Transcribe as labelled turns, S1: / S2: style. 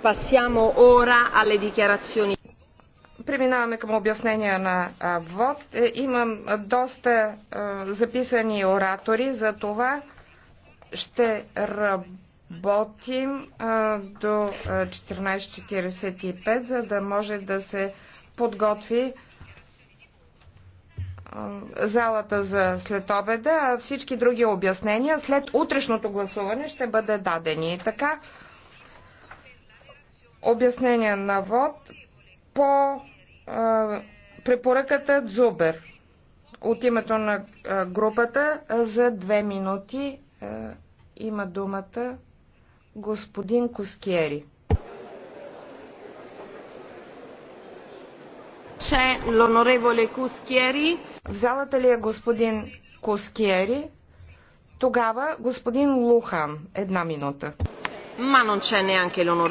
S1: Passiamo ora alle dichiarazioni. Преминаваме към обяснения на ВОД. Е, имам доста записани оратори, за това ще работим до 14.45, за да може да се подготви залата за след обеда, а всички други обяснения след утрешното гласуване ще бъде дадени. така, обяснение на ВОД по а, препоръката Дзубер от името на а, групата за две минути а, има думата господин Коскиери. В залата ли е господин Коскиери? Тогава господин Лухан. Една минута. Ма non c'è neanche